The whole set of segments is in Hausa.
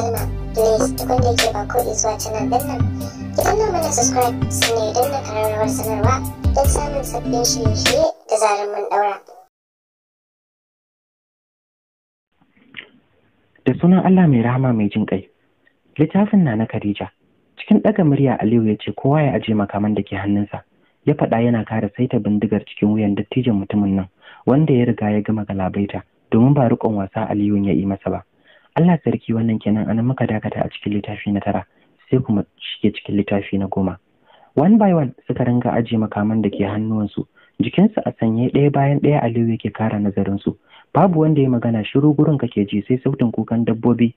salma please duk wanda yake ba ko zuwa canal din nan ki danna mana subscribe sannan idan na kararrawar sanarwa don samun sabbin shirye-shirye da zarar mun daura da sunan Allah mai rahama mai jin ƙai. littafin na na Khadija cikin ɗaga murya Aliyu ya ce kowa ya aje makaman da ke hannunsa ya faɗa yana kare saita bindigar cikin wuyan dattijan mutumin nan wanda ya riga ya gama galabaita domin ba riƙon wasa Aliyu ya yi masa ba Allah sarki wannan kenan anan muka dakata a cikin littafi na tara sai kuma shige cikin littafi na goma one by one suka ringa aje makaman da ke hannuwansu jikinsu a sanye ɗaya bayan ɗaya Aliyu yake kara nazarinsu babu wanda ya magana shiru gurin ka ke ji sai sautin kukan dabbobi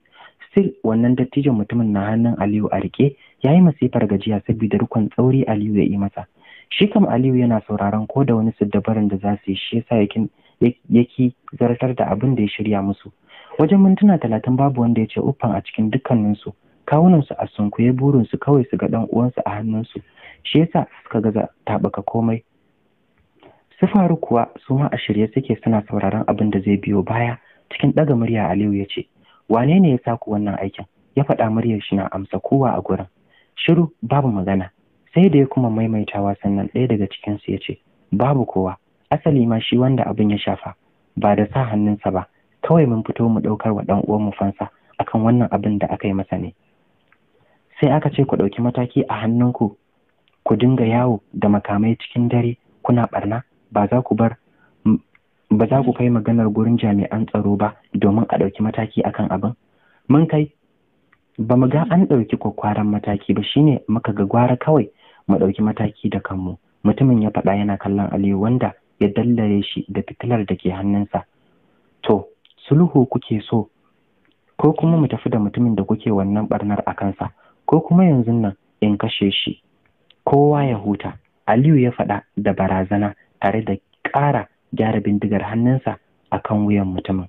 still wannan dattijon mutumin na hannun Aliyu a rike ya yi masifar gajiya saboda rukun tsauri Aliyu ya yi masa shi kam Aliyu yana sauraron ko da wani siddabarin da za su yi shi yasa yake zartar da abin da ya shirya musu wajen mintuna talatin babu wanda ya ce uffan a cikin dukkaninsu kawunansu a sunkuye burinsu kawai su ga ɗan uwansu a hannunsu shi yasa suka gaza taɓaka komai su faru kuwa su ma a shirye suke suna sauraron abin da zai biyo baya cikin ɗaga murya aliyu ya ce wane ne ya sa ku wannan aikin ya faɗa muryar shi na amsa kowa a gurin shiru babu magana sai da ya kuma maimaitawa sannan ɗaya daga cikinsu ya ce babu kowa asali ma shi wanda abin ya shafa ba da sa hannunsa ba kawai mun fito mu ɗaukar wa ɗan uwanmu fansa akan wannan abin da aka yi masa ne sai aka ce ku ɗauki mataki a hannunku ku dinga yawo da makamai cikin dare kuna barna ba za ku bar ba za ku kai maganar gurin jami'an tsaro ba domin a ɗauki mataki akan abin mun kai ba mu ga an ɗauki kwakwaran mataki ba shine muka ga gwara kawai mu ɗauki mataki da kanmu mutumin ya faɗa yana kallon aliyu wanda ya dallare shi da fitilar da ke hannunsa to sulhu kuke so ko kuma mu tafi da mutumin da kuke wannan barnar a kansa ko kuma yanzu nan in kashe shi kowa ya huta aliyu ya faɗa da barazana tare da ƙara gyara bindigar hannunsa a kan wuyan mutumin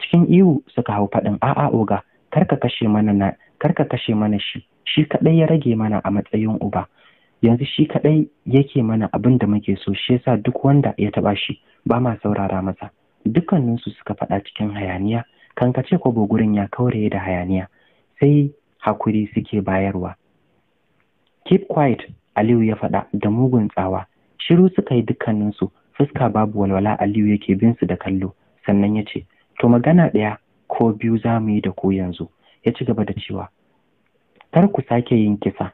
cikin ihu suka hau faɗin a'a oga karka kashe mana na karka kashe mana shi shi kaɗai ya rage mana a matsayin uba yanzu shi kaɗai yake mana abin da muke so shi yasa duk wanda ya taɓa shi ba ma saurara masa dukkaninsu suka faɗa cikin hayaniya kankace kwabo gurin ya kauraye da hayaniya sai hakuri suke bayarwa keep quiet aliyu ya faɗa da mugun tsawa shiru suka yi dukkaninsu fuska babu walwala aliyu yake bin su da kallo sannan ya ce to magana ɗaya ko biyu za mu yi da ku yanzu ya ci gaba da cewa kar ku sake yin kisa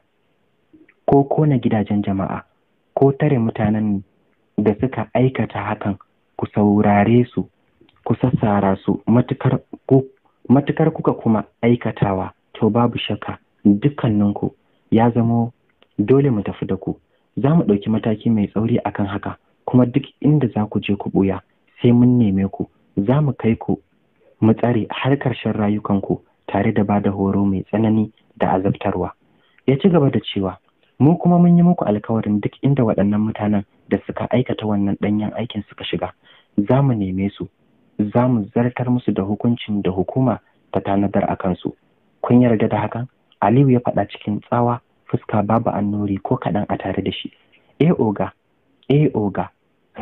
ko kona gidajen jama'a ko tare mutanen da suka aikata hakan ku saurare su ku sassara su matukar kuka kuma aikatawa to babu shakka dukkaninku ya zamo dole mu tafi da ku za mu ɗauki mataki mai tsauri a kan haka kuma duk inda za ku je ku ɓuya sai mun neme ku za mu kai ku mu tsare har ƙarshen rayukanku tare da ba da horo mai tsanani da azabtarwa ya ci gaba da cewa mu kuma mun yi muku alkawarin duk inda waɗannan mutanen da suka aikata wannan danyen aikin suka shiga za mu neme su za mu zartar musu da hukuncin da hukuma ta tanadar a kansu kun yarda da hakan aliyu ya faɗa cikin tsawa fuska babu annori ko kaɗan a tare da shi E oga E oga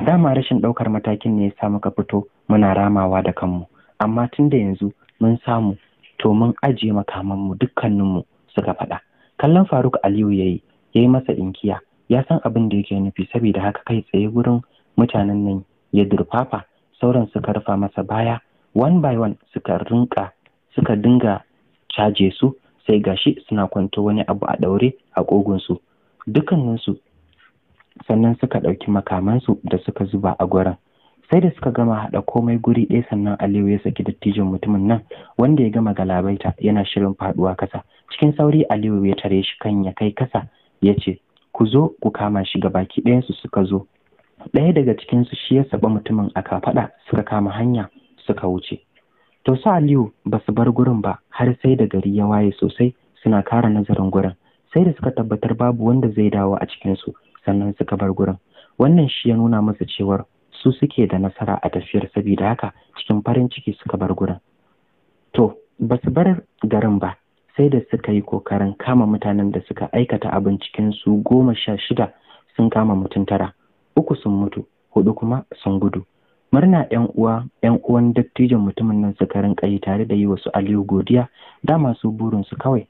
dama rashin ɗaukar matakin ne ya sa muka fito muna ramawa da kanmu amma tun da yanzu mun samu to mun ajiye makamanmu dukkaninmu suka faɗa kallon faruk aliyu ya yi ya yi masa inkiya ya san abin da yake nufi saboda haka kai tsaye wurin mutanen nan ya durfafa sauran suka rufa masa baya one by one suka rinka suka dinga caje su sai gashi suna kwanto wani abu a daure a kogunsu dukkaninsu sannan suka ɗauki makamansu da suka zuba a gurin sai da suka gama haɗa komai guri ɗaya sannan aliyu ya saki dattijon mutumin nan wanda ya gama galabaita yana shirin faɗuwa kasa cikin sauri aliyu ya tare shi kan ya kai kasa ya ce ku zo ku kama shi ga baki ɗayansu suka zo ɗaya daga cikinsu shi ya saba mutumin a kafaɗa suka kama hanya suka wuce to su aliyu ba su bar gurin ba har sai da gari ya waye sosai suna kara nazarin gurin sai da suka tabbatar babu wanda zai dawo a cikinsu sannan suka bar gurin wannan shi ya nuna masa cewar su suke da nasara a tafiyar saboda haka cikin farin ciki suka bar gurin to ba su bar garin ba sai da suka yi kokarin kama mutanen da suka aikata abin cikin su goma sha shida sun kama mutum tara uku sun mutu hudu kuma sun gudu murna yan uwa yan uwan dattijan mutumin nan suka rinka yi tare da yi wasu aliyu godiya da masu burin su kawai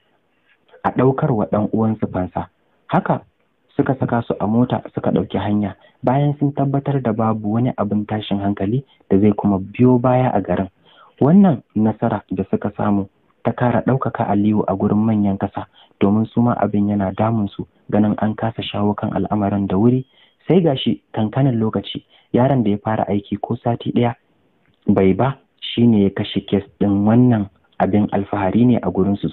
a daukar wa dan uwan su fansa haka suka saka su a mota suka dauki hanya bayan sun tabbatar da babu wani abin tashin hankali da zai kuma biyo baya a garin wannan nasara da suka samu ta kara ɗaukaka Aliyu a gurin manyan ƙasa domin su ma abin yana damun su ganin an kasa shawo kan al'amarin da wuri sai gashi kankanin lokaci yaron da ya fara aiki ko sati ɗaya bai ba shine ya kashe kes ɗin wannan abin alfahari ne a gurin su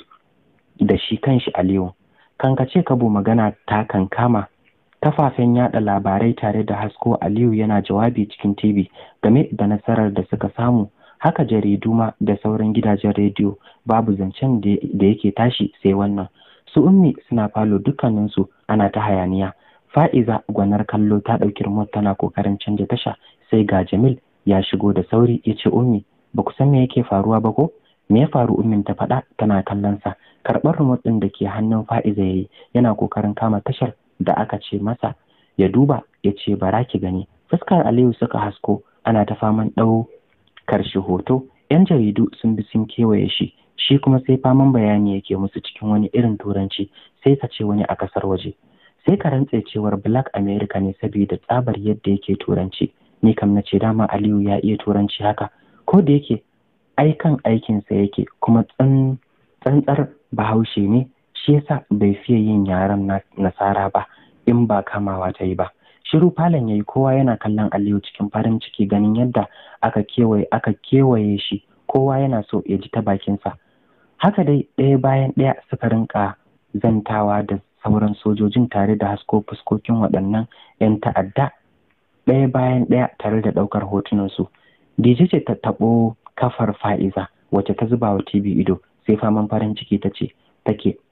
da shi kanshi Aliyu kankace kabo magana ta kankama kafafen yada labarai tare da hasko Aliyu yana jawabi cikin TV game da nasarar da suka samu haka jaridu ma da sauran gidajen rediyo babu zancen da yake tashi sai wannan su ummi suna falo dukkaninsu ana ta hayaniya fa'iza gwanar kallo ta ɗauki remote tana kokarin canja tasha sai ga jamil ya shigo da sauri ya ce ummi ba ku san me yake faruwa ba ko me ya faru ummin ta faɗa tana kallon sa karɓar remote ɗin da ke hannun fa'iza ya yi yana kokarin kama tashar da aka ce masa ya duba ya ce bara ki gani fuskar aliyu suka hasko ana ta faman ɗau karshe hoto yan jaridu sun bi sun kewaye shi shi kuma sai faman bayani yake musu cikin wani irin turanci sai ka ce wani a kasar waje sai ka rantse cewar black america ne saboda tsabar yadda yake turanci ni kam na ce dama aliyu ya iya turanci haka ko da yake aikan aikinsa yake kuma tsantsar bahaushe ne shi yasa bai fiye yin yaren nasara ba in ba kamawa ta yi ba shiru falon ya yi kowa yana kallon aliyu cikin farin ciki ganin yadda aka kewaye aka kewaye shi kowa yana so ya ji ta bakinsa haka dai ɗaya bayan ɗaya suka rinka zantawa da sauran sojojin tare da hasko fuskokin waɗannan 'yan ta'adda ɗaya bayan ɗaya tare da ɗaukar hotunansu dije ce ta taɓo kafar fa'iza wacce ta zuba wa tv ido sai faman farin ciki ta ce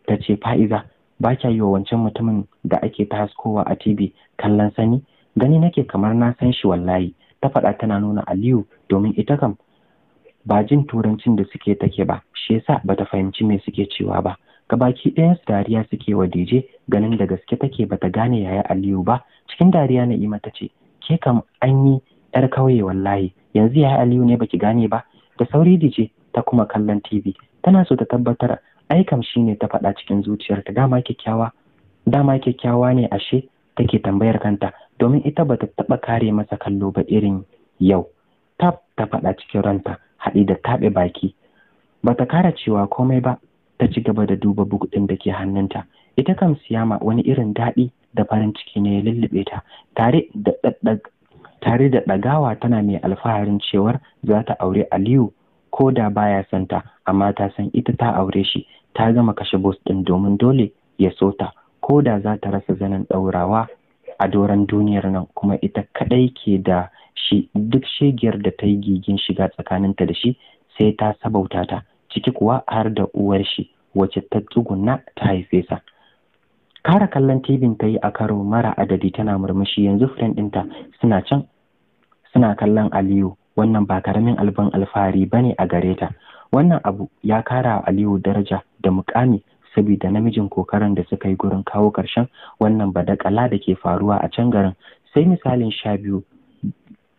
ta ce fa'iza ba kya yi wa wancan mutumin da ake ta haskowa a TV kallon sani gani nake kamar na san shi wallahi ta faɗa tana nuna Aliyu domin ita kam ba jin turancin da suke take ba shi yasa ta fahimci me suke cewa ba gabaki ɗaya su dariya suke wa DJ ganin da gaske take bata gane yaya Aliyu ba cikin dariya na ima ta ce ke kam an yi yar kauye wallahi yanzu yaya Aliyu ne baki gane ba da sauri DJ ta kuma kallon TV tana so ta tabbatar ai kam shine ta faɗa cikin zuciyarta dama kyakkyawa dama kyakkyawa ne ashe take tambayar kanta domin ita bata taɓa kare masa kallo ba irin yau tab ta faɗa cikin ranta haɗi da taɓe baki bata kara cewa komai ba ta ci gaba da duba bugudin da ke hannunta ita kam siyama wani irin daɗi da farin ciki ne ya lullube ta tare da tare da ɗagawa tana mai alfaharin cewar za ta aure aliyu ko da baya santa amma ta san ita ta aure shi ta gama kashe bus ɗin domin dole ya so ta ko da za ta rasa zanen ɗaurawa a doron duniyar nan kuma ita kadai ke da shi duk shegiyar da ta yi gigin shiga tsakaninta da shi sai ta sabauta ta ciki kuwa har da uwar shi wacce ta tsuguna ta haife sa kara kallon tibin ta yi a karo mara adadi tana murmushi yanzu friend ɗinta suna can suna kallon aliyu wannan ba karamin alban alfahari ba ne a gare ta wannan abu ya kara wa aliyu daraja da mukami saboda namijin kokarin da suka yi gurin kawo ƙarshen wannan badakala da ke faruwa a can garin sai misalin sha biyu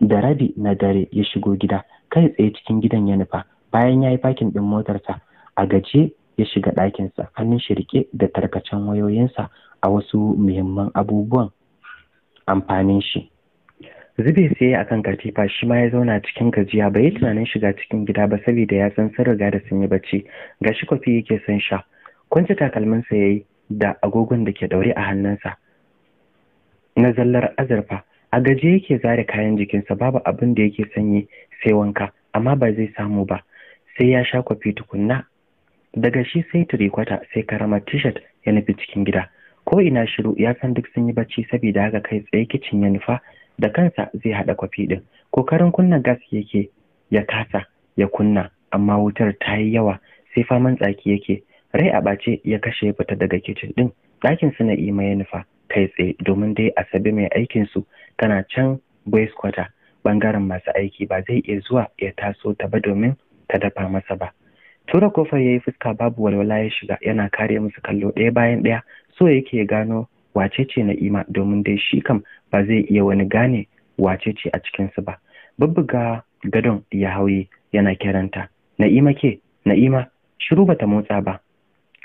da rabi na dare ya shigo gida kai tsaye cikin gidan ya nufa bayan ya yi fakin ɗin motarsa a gaje ya shiga ɗakinsa hannun shirke da tarkacen wayoyinsa a wasu muhimman abubuwan amfanin shi zube sai akan katifa shi ma ya zauna cikin gajiya bai yi tunanin shiga cikin gida ba saboda ya san sun riga da sun yi bacci gashi kofi yake son sha kunce takalminsa ya yi da agogon da ke daure a hannunsa na zallar azurfa a gaje yake zare kayan jikinsa babu abin da yake yi sai wanka amma ba zai samu ba sai ya sha kwafi tukunna daga shi sai turikwata sai karama tishat ya nufi cikin gida ko ina shiru ya san duk sun yi bacci saboda haka kai tsaye kicin ya nufa da kansa zai haɗa kwafi ɗin kokarin kunna gas yake ya kasa ya kunna amma wutar ta yi yawa sai faman tsaki yake rai a ɓace ya kashe ya fita daga kicin ɗin ɗakin su na ima ya nufa kai tsaye domin dai asabe mai aikin su tana can boys quarter bangaren masu aiki ba zai iya zuwa ya taso ta ba domin ta dafa masa ba tura kofar ya yi fuska babu walwala ya shiga yana kare musu kallo ɗaya bayan ɗaya so yake gano wace ce na'ima domin dai shi kam ba zai iya wani gane wace ce a cikinsu ba bubbuga gadon ya hauye yana kiranta na'ima ke na'ima shiru bata motsa ba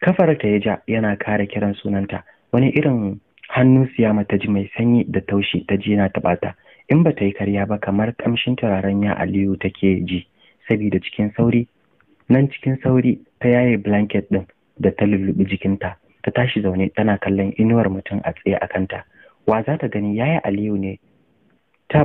kafar ta ya ja yana kare kiran sunanta wani irin hannu siyama ta ji mai sanyi da taushi ta ji yana taɓata in ba ta yi karya ba kamar ƙamshin turaren ya aliyu take ji sabida cikin sauri nan cikin sauri ta yaye blanket ɗin da ta lullubi jikinta ta tashi zaune tana kallon inuwar mutum a tsaye a kanta wa za ta gani yaya aliyu ne Ta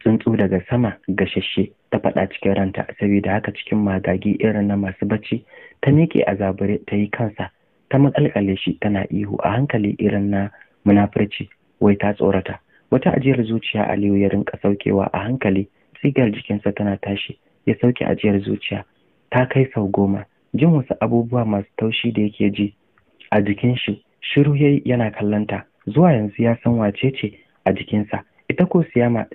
tsuntsu daga sama gashashe ta faɗa cikin ranta saboda haka cikin magagi irin na masu bacci ta miƙe a zabure ta yi kansa ta maƙalkale shi tana ihu a hankali irin na munafurci wai ta tsorata wata ajiyar zuciya aliyu ya rinka saukewa a hankali tsigar jikinsa tana tashi ya sauke ajiyar zuciya ta kai sau goma jin wasu abubuwa masu taushi da yake ji a jikin shi shiru yayi yana kallanta zuwa yanzu ya san wace ce a jikinsa ita ko siyama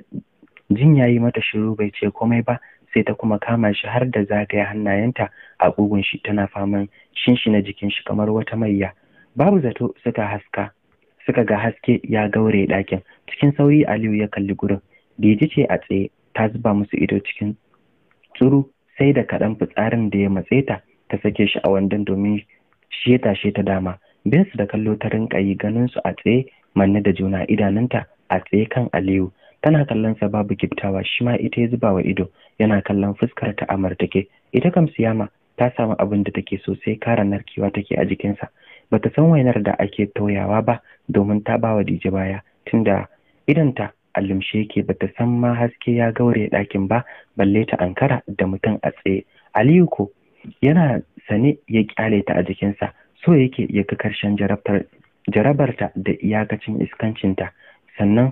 jin yayi mata shiru bai ce komai ba sai ta kuma kama shi har da zagaya hannayenta a bugun shi tana faman shinshina jikin shi kamar wata maiya babu zato suka haska suka ga haske ya gaure ɗakin cikin sauri aliyu ya kalli gurin dije ce a tsaye ta zuba musu ido cikin tsuru sai da kaɗan fitsarin da ya matse ta ta sake shi a wandon domin shi ya ta dama bin da kallo ta rinka yi ganin su a tsaye manne da juna idanunta a tsaye kan aliyu tana kallon sa babu kiftawa shi ma ita ya zuba wa ido yana kallon fuskar ta amartake ita kam siyama ta samu abin da take so sai kara narkewa take a jikinsa bata san wainar da ake toyawa ba domin ta bawa dije baya tunda idanta a limshe yake bata san ma haske ya gaure ɗakin ba balle ta ankara da mutum a tsaye aliyu ko yana sane ya kyale ta a jikinsa so yake ya ga karshen jarabarta da iyakacin iskancinta sannan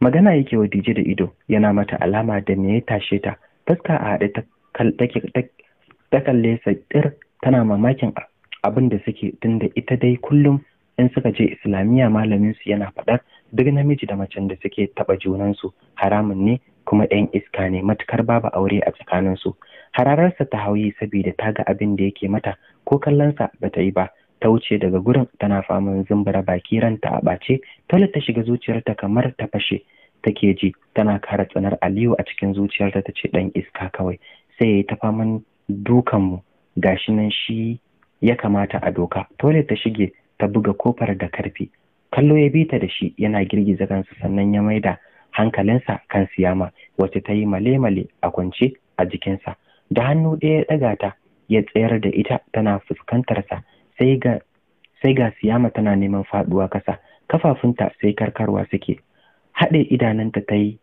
magana yake wa dije da ido yana mata alama da me ya tashe ta fuska a haɗe ta kalle sa tana mamakin abin da suke tunda ita dai kullum in suka je islamiyya malamin su yana faɗar duk namiji da macen da suke taɓa junansu haramun ne kuma ɗan iska ne matukar babu aure a tsakaninsu hararsa ta hauyi saboda ta ga abin da yake mata ko kallonsa ba ta yi ba ta wuce daga gurin tana faman zumbura baki ranta a ɓace toilet ta shiga zuciyarta kamar ta fashe take ji tana kara tsanar aliyu a cikin zuciyarta ta ce ɗan iska kawai sai ya yi ta faman dukanmu gashi nan shi ya kamata a doka toilet ta shige ta buga kofar da karfi kallo ya bi ta da shi yana girgiza kansa sannan ya maida hankalinsa kan siyama wacce ta yi male-male a kwance a jikinsa da hannu ɗaya ya ɗaga ta ya tsayar da ita tana fuskantarsa sai ga sai ga siyama tana neman faɗuwa ƙasa kafafunta sai karkarwa suke haɗe idananta ta yi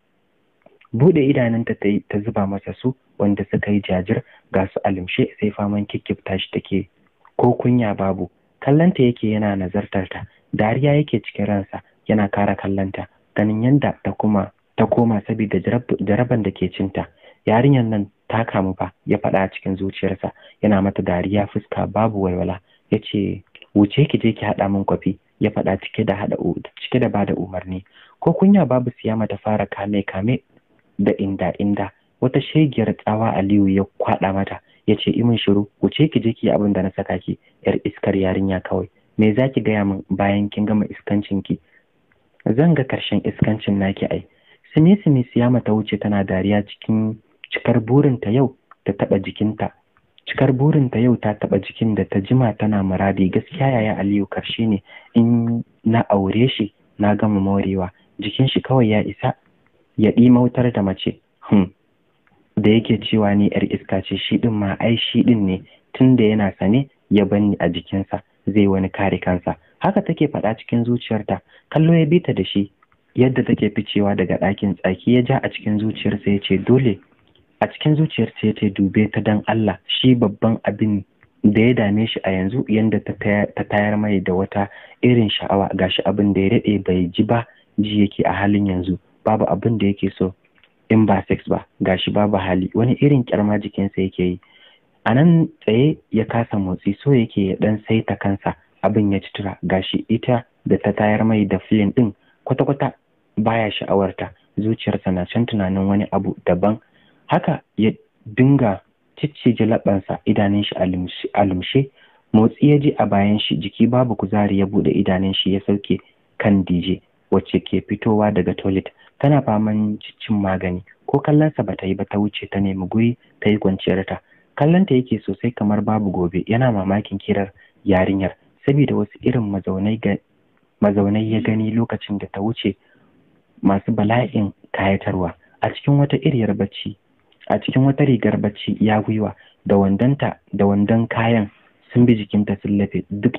buɗe idananta ta yi ta zuba masa su wanda suka yi jajir ga su alimshe sai faman kikkifta shi take ko kunya babu kallanta yake yana nazartar ta dariya yake cikin ransa yana kara kallanta ganin yanda ta kuma ta koma saboda jaraban da ke cinta yarinyar nan ta kamu ba, ya faɗa cikin zuciyarsa yana mata dariya fuska babu walwala ya ce wuce ki je ki haɗa min kwafi ya faɗa cike da haɗa cike da bada umarni ko kunya babu siya mata fara kame kame da inda inda wata shegiyar tsawa Aliyu ya kwaɗa mata ya ce imin shiru wuce ki je ki abin da na saka ki yar iskar yarinya kawai me za ki gaya min bayan kin gama iskancin ki zan ga karshen iskancin naki ai sime sime siya mata wuce tana dariya cikin Cikar burinta yau ta taɓa jikinta. Cikar burinta yau ta taɓa jikin da ta jima tana muradi gaskiya yaya Aliyu karshe ne in na aure shi na gama morewa jikin shi kawai ya isa ya ɗi mautar da mace. Hmm. Da yake cewa ni ‘yar iska ce shi ɗin ma ai shi ɗin ne tun da yana sane ya banni a jikinsa zai wani kare kansa. Haka take faɗa cikin zuciyarta kallo ya bi ta da shi yadda take ficewa daga ɗakin tsaki ya ja a cikin zuciyarsa ya ce dole a cikin zuciyar ta ta dube ta dan Allah shi babban abin da ya dame shi a yanzu yanda ta tayar mai da wata irin sha'awa gashi abin da ya daɗe bai ji ba ji yake a halin yanzu babu abin da yake so in ba sex ba gashi babu hali wani irin kyarma jikinsa yake yi a nan tsaye ya kasa motsi so yake ya dan saita kansa abin ya ci Ga gashi ita da ta tayar mai da filin din kwata-kwata baya sha'awarta zuciyarsa na can tunanin wani abu daban haka ya dinga ciccije laɓansa idanun shi a lumshe motsi ya ji a bayan shi jiki babu kuzari ya buɗe idanun shi ya sauke kan dj wacce ke fitowa daga toilet tana faman ciccin magani ko kallonsa ta yi ba ta wuce ta nemi guri ta yi ta kallonta yake sosai kamar babu gobe yana mamakin kirar yarinyar saboda wasu irin mazaunai ya gani lokacin da ta wuce masu bala'in kayatarwa a cikin wata iriyar bacci a cikin wata rigar bacci ya gwiwa da wandonta da wandon kayan sun bi jikinta sun lafe duk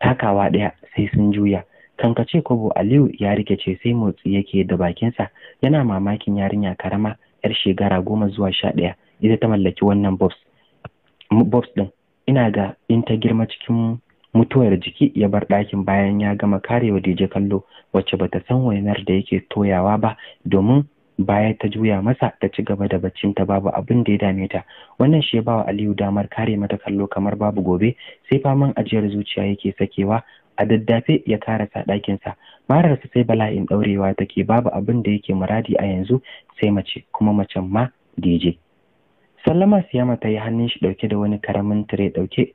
takawa ɗaya sai sun juya kankace kobo aliyu ya rikice sai motsi yake da bakinsa yana mamakin yarinya karama yar shekara goma zuwa sha ɗaya ita ta mallaki wannan bobs ɗin ina ga in ta girma cikin mutuwar jiki ya bar ɗakin bayan ya gama karewa dije kallo wacce bata san wainar da yake toyawa ba domin baya ta juya masa ta ci gaba da baccinta babu abin da ya dame ta wannan shi ya ba wa Aliyu damar kare mata kallo kamar babu gobe sai faman ajiyar zuciya yake sakewa a daddafe ya karasa ɗakinsa sa sai bala'in ɗaurewa take babu abin da yake muradi a yanzu sai mace kuma macen ma DJ sallama siyama ta yi hannun shi ɗauke da wani karamin tire ɗauke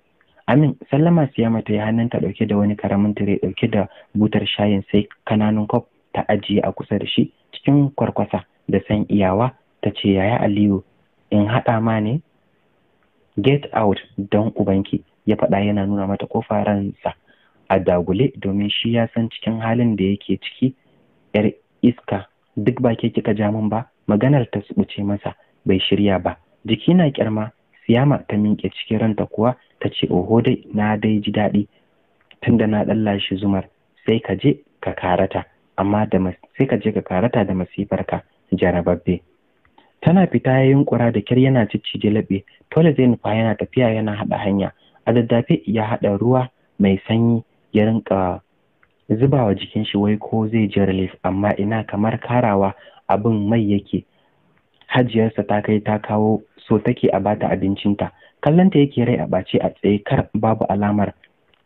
Amin sallama siyama ta yi hannun ta ɗauke da wani karamin tire ɗauke da butar shayin sai kananun kwaf ta ajiye a kusa da shi cikin kwarkwasa da san iyawa ta ce yaya aliyu in haɗa ma ne get out don ubanki ya faɗa yana nuna mata kofa ransa a dagule domin shi ya san cikin halin da yake ciki yar iska duk ba ke kika ja ba maganar ta subuce masa bai shirya ba jiki na kyarma siyama ta minke cikin ranta kuwa ta ce oho dai na dai ji daɗi tunda na ɗalla shi zumar sai ka je ka karata amma da sai ka je ka karata da masifarka jarababbe tana fita ya yunkura da kyar yana ciccije laɓe tole zai nufa yana tafiya yana haɗa hanya a daddafe ya haɗa ruwa mai sanyi ya rinka zubawa jikin shi wai ko zai ji relief amma ina kamar karawa abin mai yake hajiyarsa ta kai ta kawo so take a bata abincinta kallonta yake rai a ɓace a tsaye kar babu alamar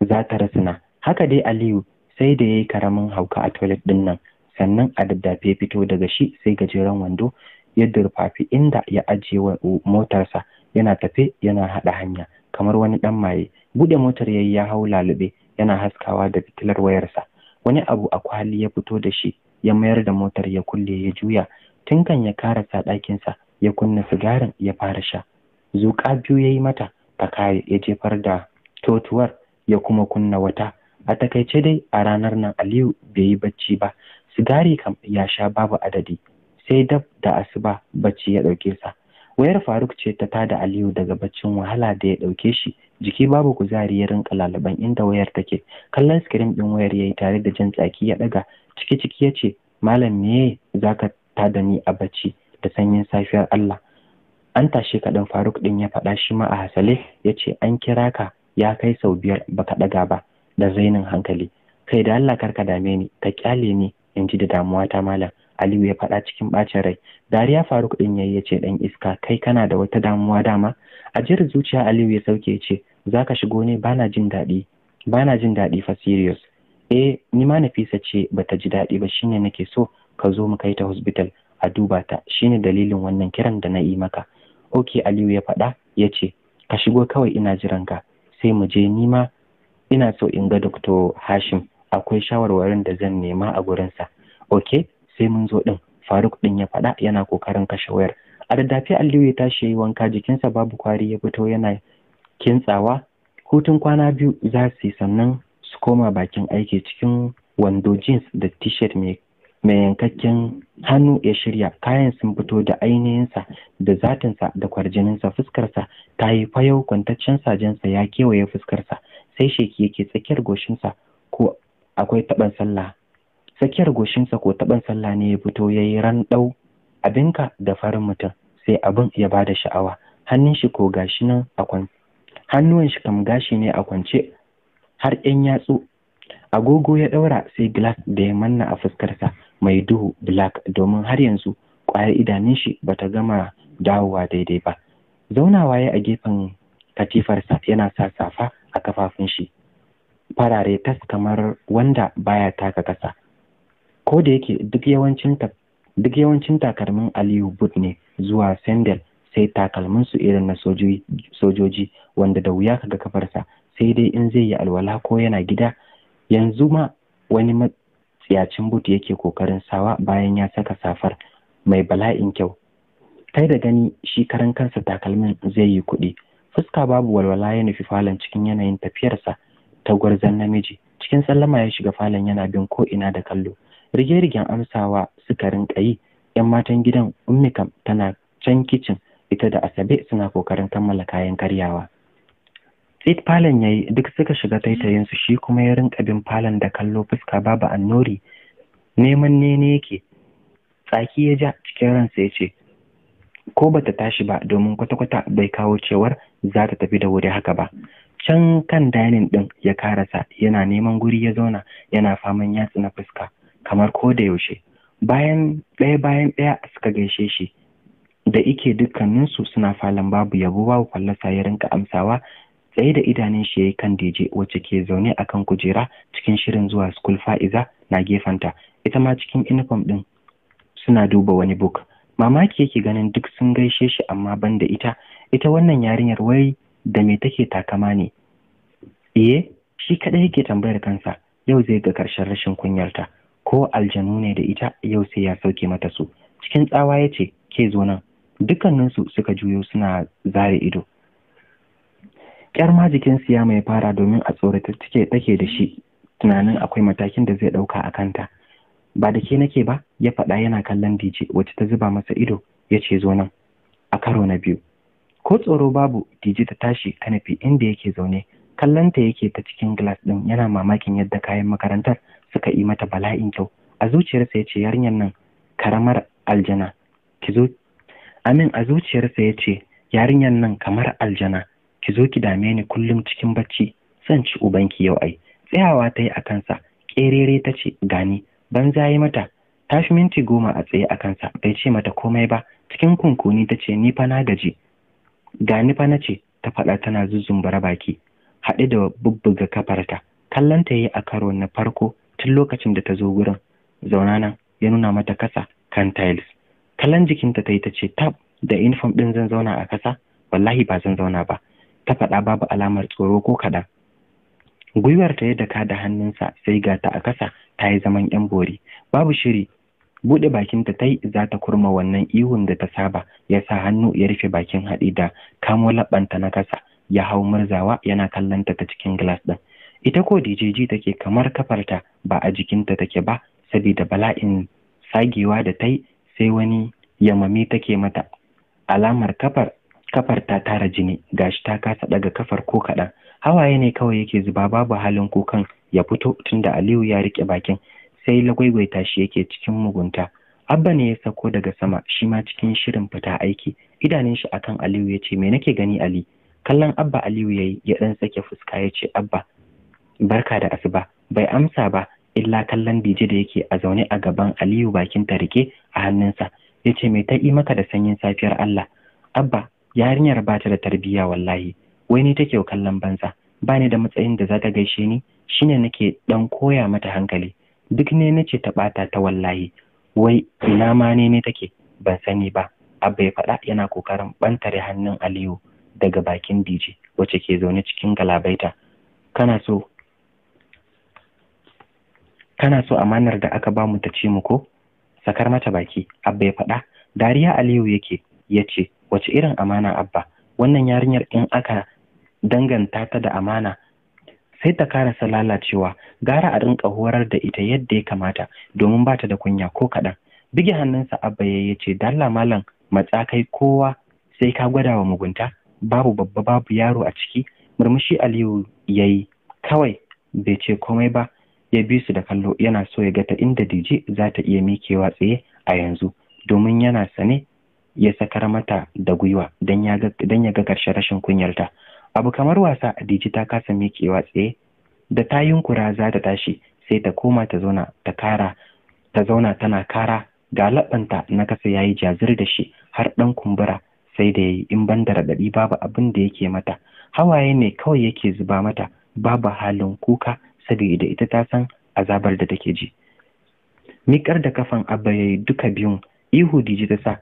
za ta rasina haka dai aliyu sai da ya yi karamin hauka a toilet ɗin nan sannan a daddafe fito daga shi sai gajeren wando ya durfafi inda ya ajiye wa motarsa yana tafe yana haɗa hanya kamar wani ɗan maye buɗe motar yayi ya hau lalube yana haskawa da fitilar wayarsa wani abu a kwali ya fito da shi ya mayar da motar ya kulle ya juya tun kan ya karasa ɗakinsa ya kunna sigarin ya fara sha zuƙa biyu ya yi mata ta kare ya jefar da totuwar ya kuma kunna wata a takaice dai a ranar nan aliyu bai yi bacci ba sigari kam ya sha babu adadi sai dab da asuba bacci ya ɗauke sa wayar faruk ce ta tada aliyu daga baccin wahala da ya ɗauke shi jiki babu kuzari ya rinka lalaban inda wayar take kallon sikirim ɗin wayar yayi tare da jan tsaki ya ɗaga ciki ciki ya ce malam me zaka tada ni a bacci da sanyin safiyar allah an tashe kaɗan faruk ɗin ya faɗa shi ma a hasale ya ce an kira ka ya kai sau biyar baka ɗaga ba da zainin hankali kai da allah karka dame ni ka kyale ni in ji da damuwa ta malam Aliyu ya faɗa cikin ɓacin rai. Dariya Faruk ɗin yayi ya ce ɗan iska kai kana da wata damuwa dama. A Ajiyar zuciya Aliyu ya sauke ya ce za ka shigo ne bana jin daɗi bana jin daɗi fa serious. Eh ni ma Nafisa ce bata ji daɗi ba shine nake so ka zo mu kai ta hospital a duba ta shine dalilin wannan kiran da na yi maka. Ok Aliyu ya faɗa ya ce ka shigo kawai ina jiran ka sai mu je ni ma ina so in ga Dr. Hashim akwai shawarwarin da zan nema a gurinsa ok sai mun zo ɗin faruk ɗin ya faɗa yana kokarin kashe wayar a daddafi aliyu ya tashi yi wanka jikinsa babu kwari ya fito yana kintsawa hutun kwana biyu za su yi sannan su koma bakin aiki cikin wando jeans da t-shirt mai mai yankakken hannu ya shirya kayan sun fito da ainihinsa da zatinsa da kwarjininsa fuskarsa ta yi fayau kwantaccen sajensa ya kewaye fuskarsa sai sheki yake tsakiyar goshinsa akwai taban sallah tsakiyar goshinsa ko taban sallah ne ya fito ya yi ran ɗau. abinka da farin mutum sai abin ya ba da sha'awa hannun shi ko gashi nan a kwan hannuwan shi kam gashi ne a kwance har yan yatsu agogo ya ɗaura sai glass da ya manna a fuskarsa mai duhu black domin har yanzu ƙwayar idanun shi ta gama dawowa daidai ba zaunawa ya a gefen katifarsa yana sa safa a kafafun shi farare tas kamar wanda baya taka ƙasa ko da yake duk yawancin duk yawancin takalmin aliyu but ne zuwa sendel sai takalmin su irin na sojoji wanda da wuya kaga kafarsa sai dai in zai yi alwala ko yana gida yanzu ma wani matsiyacin but yake kokarin sawa bayan ya saka safar mai bala'in kyau kai da gani shi karan kansa takalmin zai yi kuɗi fuska babu walwala ya nufi falon cikin yanayin tafiyarsa tagwarzon namiji cikin sallama ya shiga falon yana bin ko ina da kallo rige-rigen amsawa suka rinka yi yan matan gidan ummikam tana can kicin ita da asabe suna kokarin kammala kayan karyawa Tsit falon ya yi duk suka shiga su shi kuma ya rinka bin falon da kallo fuska babu annori neman ne ne yake tsaki ya ja cikin ransa ya ce ko bata tashi ba domin kwata-kwata bai kawo cewar za ta tafi da wuri haka ba can kan dainin ɗin ya karasa yana neman guri ya zauna yana faman yatsu na fuska kamar ko da yaushe bayan ɗaya bayan ɗaya suka gaishe shi da ike dukkaninsu suna falon babu yabo babu fallasa ya rinka amsawa tsaye da idanun shi yayi kan dije wacce ke zaune akan kujera cikin shirin zuwa school fa'iza na gefanta ita ma cikin uniform din suna duba wani book mamaki yake ganin duk sun gaishe shi amma banda ita ita wannan yarinyar wai da me take takama ne iye eh, shi kaɗai yake tambayar kansa yau zai ga ƙarshen rashin kunyarta ko aljanu ne da ita yau sai ya sauke mata su cikin tsawa ya ce ke zo nan dukkaninsu suka juyo suna zare ido ƙyar ma jikinsu ya mai fara domin a tsorata take take da shi tunanin akwai matakin da zai ɗauka a kanta ba da ke nake ba ya faɗa yana kallon dije wacce ta zuba masa ido ya ce zo nan a karo na biyu ko tsoro babu tiji ta tashi kanafi inda yake zaune kallonta yake ta cikin glass din yana mamakin yadda kayan makarantar suka yi mata bala'in kyau a zuciyarsa ya ce yarinyar nan karamar aljana ki zo amin a zuciyarsa ya ce yarinyar nan kamar aljana ki zo ki dame ni kullum cikin bacci san ci ubanki yau ai tsayawa ta yi a kansa ƙerere ta ce gani banza yi mata ta minti goma a tsaye a kansa bai ce mata komai ba cikin kunkuni ta ce ni fa na gaji gani fa ce ta faɗa tana zuzumbura baki haɗe da bubbuga kafarta kallon ta yi a karo na farko tun lokacin da ta zo gurin zauna nan ya nuna mata kasa kan tiles kallon jikinta ta yi ta ce tab da uniform ɗin zan zauna a kasa wallahi ba zan zauna ba ta faɗa babu alamar tsoro ko kaɗan gwiwar ta ya daka da hannunsa sai ga ta a kasa ta yi zaman yan bori babu shiri buɗe bakinta ta yi za ta kurma wannan ihun da ta saba ya sa hannu ya rufe bakin haɗi da kamo laɓanta na kasa ya hau murzawa yana kallon ta ta cikin gilas ɗin ita ko dijeji take kamar kafarta ba a jikinta take ba saboda bala'in sagewa da ta yi sai wani yamami take mata alamar kafar kafar ta tara jini gashi ta kasa daga kafar ko kaɗan hawaye ne kawai yake zuba babu halin kukan ya fito tunda aliyu ya rike bakin sai lagwaigwaita shi yake cikin mugunta abba ne ya sako daga sama shi ma cikin shirin fita aiki idanun shi akan aliyu ya ce me nake gani ali kallon abba aliyu ya yi ya ɗan sake fuska ya ce abba barka da asuba bai amsa ba illa kallon dije da yake a zaune a gaban aliyu bakin ta rike a hannunsa ya ce me ta yi maka da sanyin safiyar allah abba yarinyar ba ta da tarbiyya wallahi wai ni take kallon banza ba ni da matsayin da za ta gaishe ni shine nake dan koya mata hankali duk ne nace ta ɓata ta wallahi wai ina ma ne ne take ban sani ba abba ya faɗa yana kokarin bantare hannun aliyu daga bakin DJ wacce ke zaune cikin galabaita kana so kana so amanar da aka bamu ta ce mu ko sakar mata baki abba ya faɗa dariya aliyu yake ya ce wace irin amana abba wannan yarinyar in aka danganta ta da amana sai ta karasa lalacewa gara a rinka horar da ita yadda ya kamata domin bata da kunya ko kaɗan bige hannunsa abba ya ce dalla malam matsakai kowa sai ka gwada wa mugunta babu babba babu yaro a ciki murmushi aliyu ya yi kawai bai ce komai ba ya bi su da kallo yana so ya ga ta inda dije za ta iya mikewa tsaye a yanzu domin yana sane ya sakar mata da gwiwa don ya ga ƙarshen rashin kunyarta abu kamar wasa Adiji ta kasa miƙewa tsaye da ta yunkura za ta tashi sai ta koma ta zauna ta kara ta zauna tana kara ga laɓanta na kasa yi jazir da shi har ɗan kumbura sai da ya yi in ban da raɗaɗi babu abin da yake mata hawaye ne kawai yake zuba mata babu halin kuka saboda ita ta san azabar da take ji miƙar da kafan abba yi duka biyun ihu diji ta sa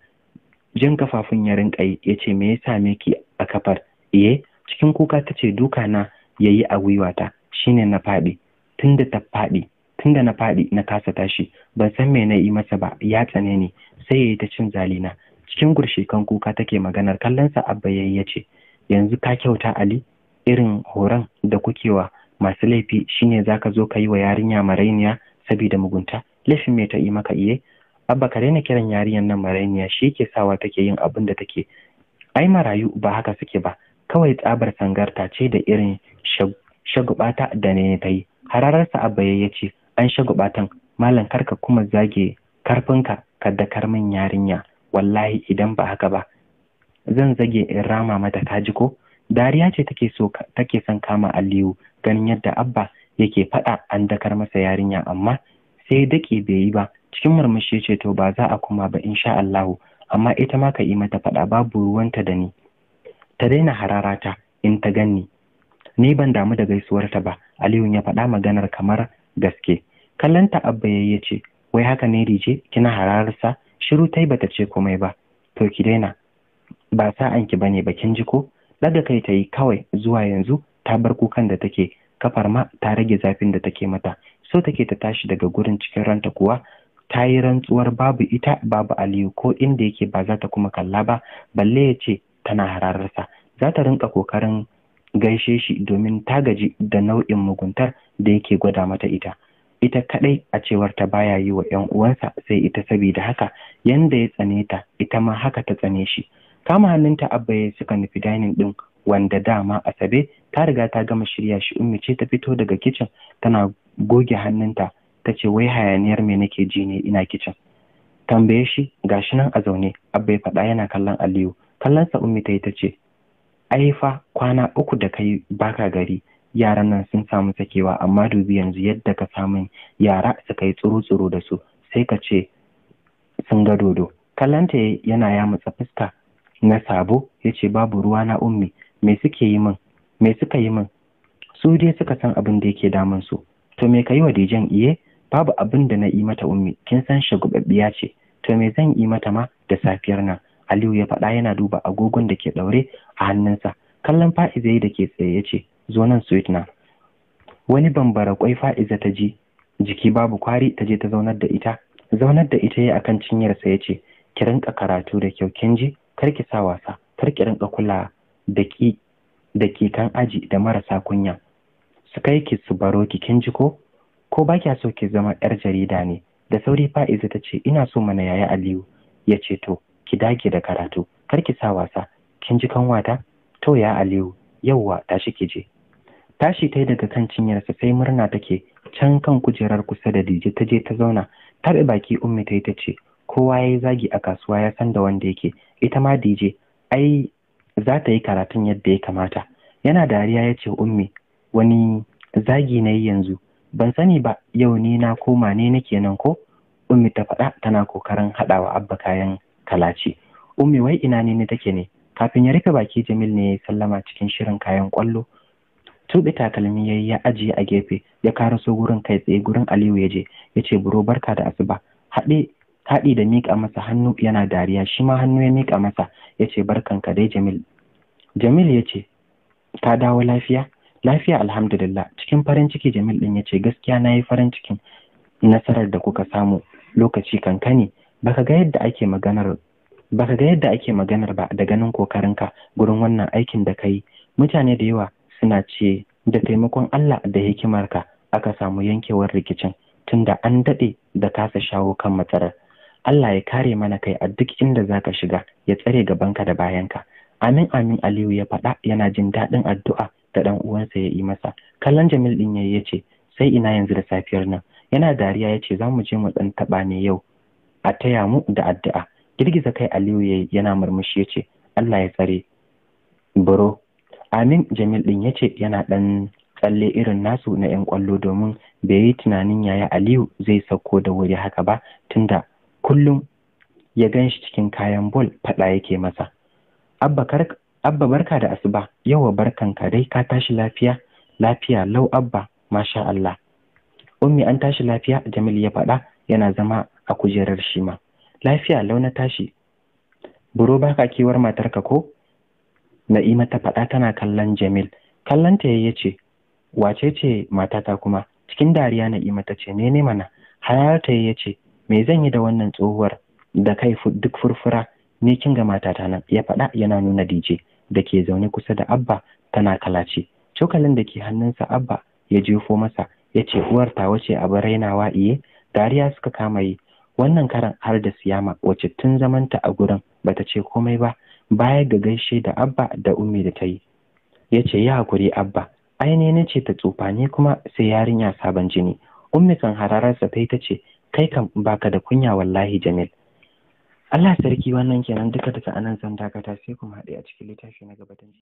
jin kafafun ya rinƙa yi ya ce me ya same ki a kafar iye eh, cikin kuka ta ce duka na ya yi a gwiwata shine na faɗi tunda ta faɗi tunda na faɗi na kasa tashi ban san me na yi masa ba ya tsane ni sai ya yi ta cin zalina cikin gurshe kan kuka take maganar kallonsa abba ya ya ce yanzu ka kyauta ali irin horon da kukewa masu laifi shine zaka zo ka yi wa yarinya marainiya saboda mugunta laifin me ta yi maka iye abba ka daina kiran yarinyar nan marainiya shi yake sawa take yin abin da take ai marayu ba haka suke ba kawai tsabar sangarta ce da irin shagubata da ne ta yi hararsa abba ya ce an shagubatan malam karka kuma zage karfinka ka dakar min yarinya wallahi idan ba haka ba zan zage in rama mata kaji ko dariya ce take so take son kama aliyu ganin yadda abba yake faɗa an dakar masa yarinya amma sai dake bai yi ba cikin murmushi ce to ba za a kuma ba insha Allahu amma ita ma ka yi mata faɗa babu ruwanta da ni ta daina hararata in ta ganni ni ban damu da gaisuwarta ba Aliyu ya faɗa maganar kamar gaske kallanta abba ya ce wai haka ne rije kina hararsa shiru tai bata ce komai ba to ki daina ba sa'an ki bane ba kin ji ko daga kai ta yi kawai zuwa yanzu ta bar kukan da take kafar ma ta rage zafin da take mata so take ta tashi daga gurin cikin ranta kuwa ta yi rantsuwar babu ita babu aliyu ko inda yake ba za ta kuma kalla ba balle ya ce tana hararsa za ta rinka kokarin gaishe shi domin ta gaji da nau'in muguntar da yake gwada mata ita ita kadai a cewar ta baya yi wa yan uwansa sai ita saboda haka yanda ya tsane ta ita ma haka ta tsane shi kama hannunta abba ya suka nufi dining din wanda dama asabe ta riga ta gama shirya shi ummi ce ta fito daga kicin tana goge hannunta ta ce wai hayaniyar me nake ji ne ina kicin tambaye shi gashi nan a zaune abba ya faɗa yana kallon aliyu kallonsa ummi ta yi ta ce ai fa kwana uku da kai baka gari yaran nan sun samu sakewa amma dubi yanzu yadda ka samun yara suka yi tsuru-tsuru da su sai ka ce sun ga dodo kallonta yana ya matsa fuska na sabo ya ce babu ruwa na ummi me suke yi min me suka yi min su dai suka san abin da yake damun su to me ka yi wa dijan iye babu abin da na yi mata ummi kin san shagubabbiya ce to me zan yi mata ma da safiyar nan Aliyu ya faɗa yana duba agogon da ke ɗaure a hannunsa. Kallon Fa'iza da ke tsaye ya ce, zo nan sweet na. Wani bambara kwai Fa'iza ta ji, jiki babu kwari ta je ta zaunar da ita. Zaunar da ita ya akan cinyarsa ya ce, ki rinƙa karatu da kyau kin ji, kar ki sa wasa, kar ki rinƙa kula da ki ke kan aji da marasa kunya. Su kai ki su baro ki kin ji ko? Ko ba kya so ki zama 'yar jarida ne? Da sauri Fa'iza ta ce, ina so mana yaya Aliyu. Ya ce to, ki dage da karatu kar ki sa wasa kin ji kanwata to ya aliyu yauwa tashi ki je tashi tayi daga kan cinyarsa sai murna take can kan kujerar kusa da dije ta je ta zauna taɓe baki ummi ta yi ta ce kowa yayi zagi a kasuwa ya san da wanda yake ita ma dije ai za ta yi karatun yadda ya kamata yana dariya ya ce ummi wani zagi na yi yanzu ban sani ba yau ni na koma ne nake nan ko ummi ta faɗa tana kokarin haɗawa abba kayan kala ummi wai ina ne ni take ne kafin ya rufe baki jamil ne ya sallama cikin shirin kayan kwallo tuɓe takalmi ya yi ya ajiye a gefe ya karaso gurin kai tsaye gurin aliyu ya je ya ce buro barka da asuba haɗe haɗi da mika masa hannu yana dariya shi ma hannu ya mika masa ya ce "Barkan ka dai jamil jamil ya ce ka dawo lafiya lafiya alhamdulillah cikin farin ciki jamil ɗin ya ce gaskiya na yi farin cikin nasarar da kuka samu lokaci kankani baka ga yadda ake maganar ga yadda ake maganar ba da ganin kokarinka gurin wannan aikin da kai mutane da yawa suna ce da taimakon Allah da hikimarka aka samu yankewar rikicin tunda an daɗe da kasa shawo kan matsalar Allah ya kare mana kai a duk inda zaka shiga ya tsare gabanka da bayanka amin amin Aliyu ya faɗa yana jin daɗin addu'a da ɗan uwansa ya yi masa kallon Jamil din yayi ce, sai ina yanzu da safiyar nan yana dariya ya ce za mu je mu dan taba ne yau a taya mu da addu'a girgiza kai aliyu yayi yana murmushi yace Allah ya tsare buro amin jamil din yace yana dan tsalle irin nasu na yan kwallo domin bai yi tunanin yaya aliyu zai sauko da wuri haka ba tunda kullum ya ganshi cikin kayan bol fada yake masa abba barka da asuba yawa ka dai ka tashi lafiya lafiya lau abba masha Allah ummi an tashi lafiya jamil ya faɗa yana zama a kujerar shi ma lafiya launa tashi buro baka kewar matarka ko na'ima ta faɗa tana kallon jamil ta ya ce wace ce matata kuma cikin dariya na'ima ta ce ne mana hayarta ya ce me zan yi da wannan tsohuwar da kai duk furfura ne kin ga matata nan ya faɗa yana nuna DJ da ke zaune kusa da abba tana kalace cokalin da ke hannunsa abba ya jefo masa ya ce uwar ta wace abin rainawa iye dariya suka kama yi wannan karan har da siyama wacce tun zamanta a gurin bata ce komai ba baya ga gaishe da abba da ummi da ta yi ya ce ya hakuri abba Ainihin na ce ta tsufa kuma sai yarinya sabon jini ummi kan hararsa ta yi ta ce kai kan baka da kunya wallahi jamil Allah sarki wannan kenan duka duka anan zan dakata sai kuma haɗe a cikin littafi na gaba